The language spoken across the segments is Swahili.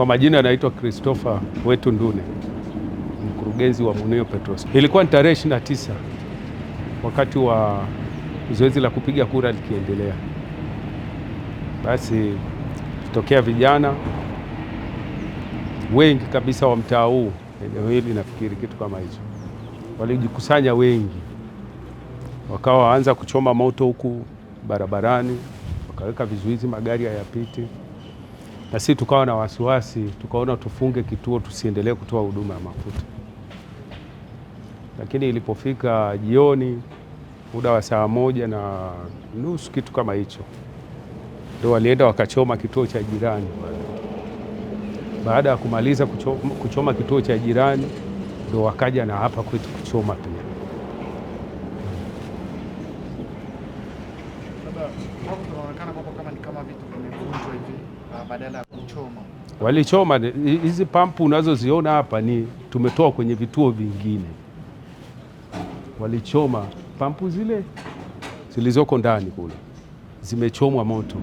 kwa majina anaitwa Christopher Wetu Ndune, mkurugenzi wa Munio Petros. Ilikuwa ni tarehe 29 wakati wa zoezi la kupiga kura likiendelea, basi tokea vijana wengi kabisa wa mtaa huu, eneo hili nafikiri kitu kama hicho, walijikusanya wengi, wakawa waanza kuchoma moto huku barabarani, wakaweka vizuizi magari hayapiti na sisi tukawa na wasiwasi, tukaona tufunge kituo, tusiendelee kutoa huduma ya mafuta. Lakini ilipofika jioni, muda wa saa moja na nusu, kitu kama hicho, ndo walienda wakachoma kituo cha jirani. Baada ya kumaliza kuchoma, kuchoma kituo cha jirani, ndo wakaja na hapa kwetu kuchoma pia. badala ya kuchoma. Walichoma hizi pampu unazoziona hapa, ni tumetoa kwenye vituo vingine, walichoma pampu zile zilizoko ndani kule, zimechomwa moto.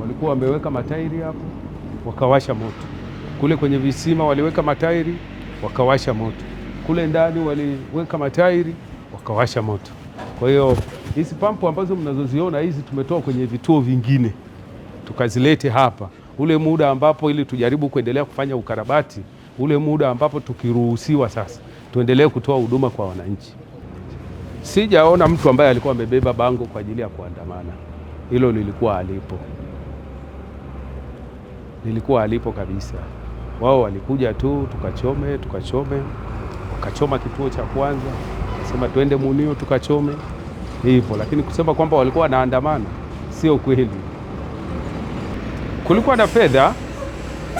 Walikuwa wameweka matairi hapo, wakawasha moto. Kule kwenye visima waliweka matairi, wakawasha moto. Kule ndani waliweka matairi, wakawasha moto. Kwa hiyo hizi pampu ambazo mnazoziona hizi tumetoa kwenye vituo vingine tukazilete hapa, ule muda ambapo ili tujaribu kuendelea kufanya ukarabati, ule muda ambapo tukiruhusiwa sasa tuendelee kutoa huduma kwa wananchi. Sijaona mtu ambaye alikuwa amebeba bango kwa ajili ya kuandamana, hilo lilikuwa alipo, lilikuwa alipo kabisa. Wao walikuja tu tukachome, tukachome, wakachoma kituo cha kwanza, wakasema twende Munio tukachome, hivyo. Lakini kusema kwamba walikuwa wanaandamana sio kweli kulikuwa na fedha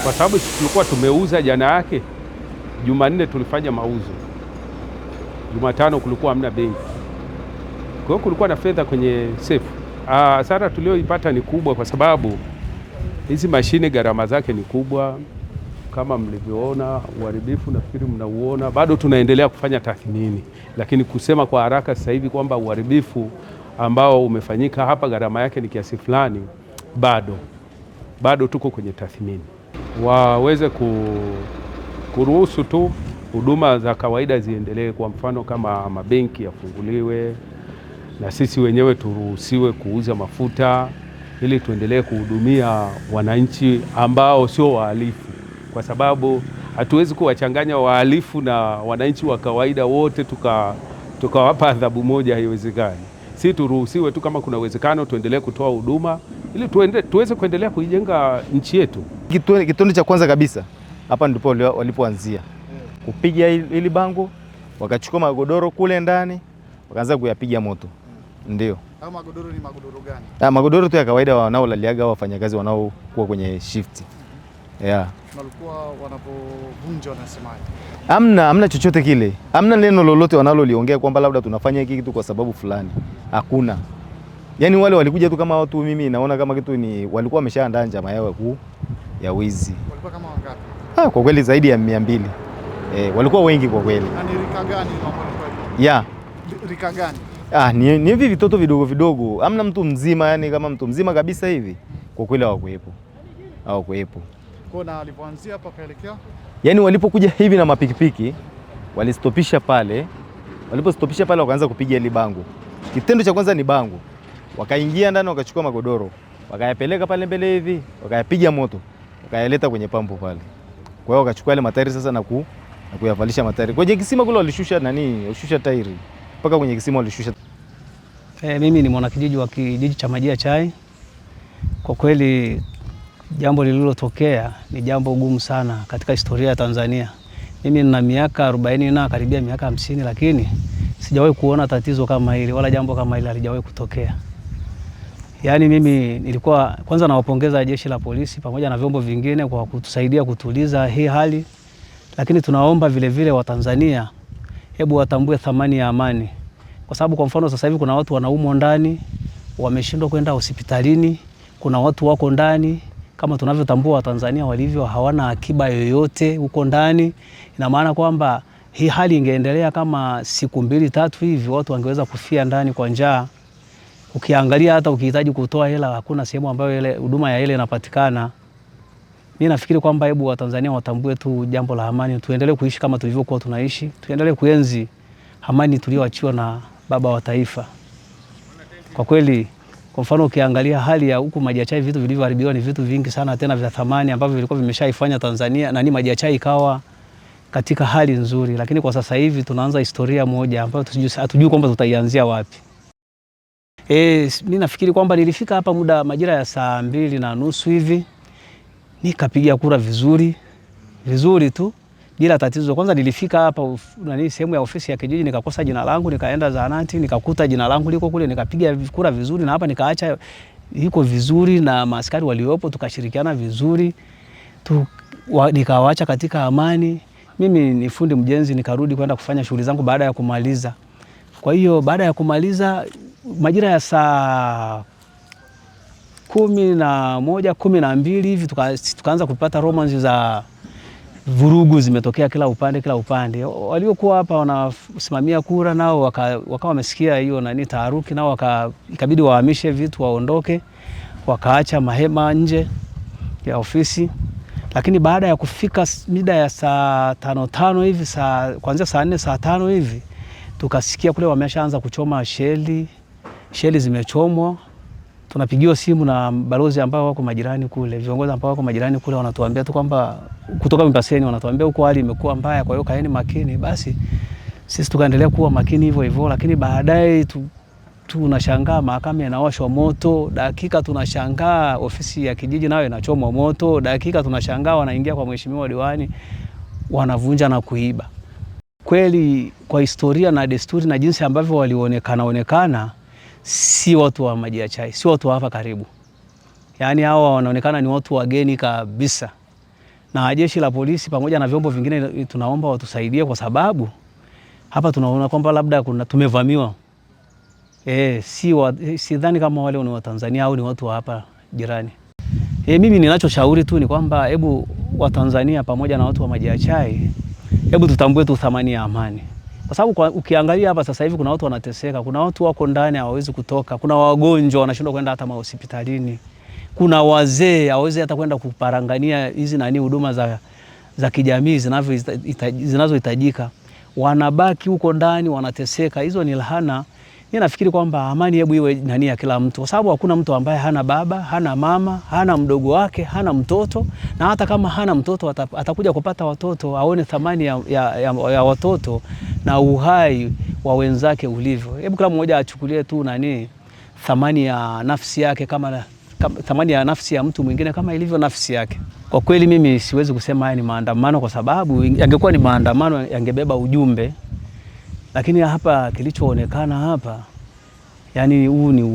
kwa sababu tulikuwa tumeuza jana yake. Jumanne tulifanya mauzo, Jumatano kulikuwa hamna benki, kwa hiyo kulikuwa na fedha kwenye sefu. Ah, hasara tulioipata ni kubwa, kwa sababu hizi mashine gharama zake ni kubwa kama mlivyoona. Uharibifu nafikiri mnauona, bado tunaendelea kufanya tathmini, lakini kusema kwa haraka sasa hivi kwamba uharibifu ambao umefanyika hapa gharama yake ni kiasi fulani bado bado tuko kwenye tathmini, waweze ku, kuruhusu tu huduma za kawaida ziendelee. Kwa mfano kama mabenki yafunguliwe na sisi wenyewe turuhusiwe kuuza mafuta ili tuendelee kuhudumia wananchi ambao sio wahalifu, kwa sababu hatuwezi kuwachanganya wahalifu na wananchi wa kawaida wote tukawapa tuka adhabu moja, haiwezekani si turuhusiwe tu, kama kuna uwezekano tuendelee kutoa huduma ili tuende, tuweze kuendelea kuijenga nchi yetu. Kitundu cha kwanza kabisa hapa ndipo walipoanzia kupiga hili bango, wakachukua magodoro kule ndani wakaanza kuyapiga moto. Mm. Ndio magodoro ni magodoro gani? Ha, ah, magodoro tu ya kawaida wanaolaliaga wafanyakazi wanaokuwa kwenye shift mm-hmm. yeah. Amna amna chochote kile, amna neno lolote wanaloliongea kwamba labda tunafanya hiki kitu kwa sababu fulani hakuna. Yaani wale walikuja tu kama watu, mimi naona kama kitu ni walikuwa wameshaandaa njama yao ya wizi. Walikuwa kama wangapi? Ah, kwa kweli zaidi ya mia mbili. Eh, walikuwa wengi kwa kweli. Ni rika gani mambo ni yeah. Rika gani? Ah, ni hivi vitoto vidogo vidogo, amna mtu mzima, yani kama mtu mzima kabisa hivi, kwa kweli hawakuepo, hawakuepo. Yaani walipokuja hivi na mapikipiki walistopisha pale, walipostopisha pale wakaanza kupiga ile bango Kitendo cha kwanza ni bangu wakaingia ndani wakachukua magodoro wakayapeleka pale mbele hivi wakayapiga moto wakayaleta kwenye pampu pale. Kwa hiyo wakachukua ile matairi sasa na, ku, na kuyavalisha matairi kwenye kisima kule, walishusha nani, walishusha tairi mpaka kwenye kisima walishusha. Eh, mimi ni mwanakijiji wa kijiji cha Majia Chai. Kwa kweli jambo lililotokea ni jambo gumu sana katika historia ya Tanzania. Mimi nina miaka 40 na karibia miaka hamsini lakini sijawahi kuona tatizo kama hili wala jambo kama hili halijawahi kutokea. Yaani mimi nilikuwa kwanza nawapongeza jeshi la polisi pamoja na vyombo vingine kwa kutusaidia kutuliza hii hali, lakini tunaomba vilevile Watanzania hebu watambue thamani ya amani, kwa sababu kwa mfano sasa hivi kuna watu wanaumwa ndani, wameshindwa kwenda hospitalini, kuna watu wako ndani kama tunavyotambua Watanzania walivyo, hawana akiba yoyote huko ndani. Ina maana kwamba hii hali ingeendelea kama siku mbili tatu hivi, watu wangeweza kufia ndani kwa njaa. Ukiangalia hata ukihitaji kutoa hela, hakuna sehemu ambayo ile huduma ya ile inapatikana. Mimi nafikiri kwamba hebu Watanzania watambue tu jambo la amani, tuendelee kuishi kama tulivyokuwa tunaishi, tuendelee kuenzi amani tuliyoachiwa na baba wa taifa. Kwa kweli, kwa mfano ukiangalia hali ya huku maji ya chai, vitu vilivyoharibiwa ni vitu vingi sana, tena vya thamani ambavyo vilikuwa vimeshaifanya Tanzania nani maji ya chai ikawa katika hali nzuri, lakini kwa sasa hivi tunaanza historia moja ambayo hatujui kwamba tutaianzia wapi. E, mi nafikiri kwamba nilifika hapa muda majira ya saa mbili na nusu hivi nikapiga kura vizuri vizuri tu bila tatizo. Kwanza nilifika hapa nani sehemu ya ofisi ya kijiji nikakosa jina langu, nikaenda zahanati nikakuta jina langu liko kule, nikapiga kura vizuri na hapa nikaacha iko vizuri, na maaskari waliopo tukashirikiana vizuri tu, nikawaacha katika amani. Mimi ni fundi mjenzi, nikarudi kwenda kufanya shughuli zangu baada ya kumaliza. Kwa hiyo baada ya kumaliza majira ya saa kumi na moja kumi na mbili hivi tukaanza tuka kupata romance za vurugu zimetokea kila upande kila upande. Waliokuwa hapa wanasimamia kura nao wakawa waka wamesikia hiyo nani taharuki, nao ikabidi wahamishe vitu waondoke, wakaacha mahema nje ya ofisi lakini baada ya kufika mida ya saa tano tano hivi saa, kuanzia saa nne saa tano hivi tukasikia kule wameshaanza kuchoma sheli, sheli zimechomwa. Tunapigiwa simu na balozi ambao wako majirani kule, viongozi ambao wako majirani kule, wanatuambia tu kwamba kutoka Mpaseni, wanatuambia huko hali imekuwa mbaya, kwa hiyo kaeni makini. Basi sisi tukaendelea kuwa makini hivyo hivyo, lakini baadaye tunashangaa mahakama inawashwa moto, dakika tunashangaa ofisi ya kijiji nayo inachomwa moto, dakika tunashangaa wanaingia kwa mheshimiwa diwani wanavunja na kuiba. Kweli kwa historia na desturi na jinsi ambavyo walionekana onekana, si watu wa maji ya chai, si watu wa hapa karibu, yaani hawa wanaonekana ni watu wageni kabisa. Na jeshi la polisi pamoja na vyombo vingine tunaomba watusaidie, kwa sababu hapa tunaona kwamba labda kuna tumevamiwa E, si wa, eh, sidhani kama wale ni Watanzania au ni watu wa hapa jirani. E, mimi ninachoshauri tu ni kwamba hebu Watanzania pamoja na watu wa maji ya chai, hebu tutambue tu thamani ya amani, kwa sababu ukiangalia hapa sasa hivi kuna watu wanateseka, kuna watu wako ndani hawawezi kutoka, kuna wagonjwa wanashindwa kwenda hata mahospitalini, kuna wazee hawawezi hata kwenda kuparangania hizi nani huduma za, za kijamii zinazohitajika, wanabaki huko ndani wanateseka. Hizo ni lahana mimi nafikiri kwamba amani hebu iwe nani ya kila mtu, kwa sababu hakuna mtu ambaye hana baba, hana mama, hana mdogo wake, hana mtoto, na hata kama hana mtoto atakuja kupata watoto, aone thamani ya, ya, ya, ya watoto na uhai wa wenzake ulivyo. Hebu kila mmoja achukulie tu nani thamani ya nafsi yake kama thamani ya nafsi ya mtu mwingine kama ilivyo nafsi yake. Kwa kweli mimi siwezi kusema haya ni maandamano, kwa sababu yangekuwa ni maandamano yangebeba ujumbe lakini hapa kilichoonekana hapa, yani huu ni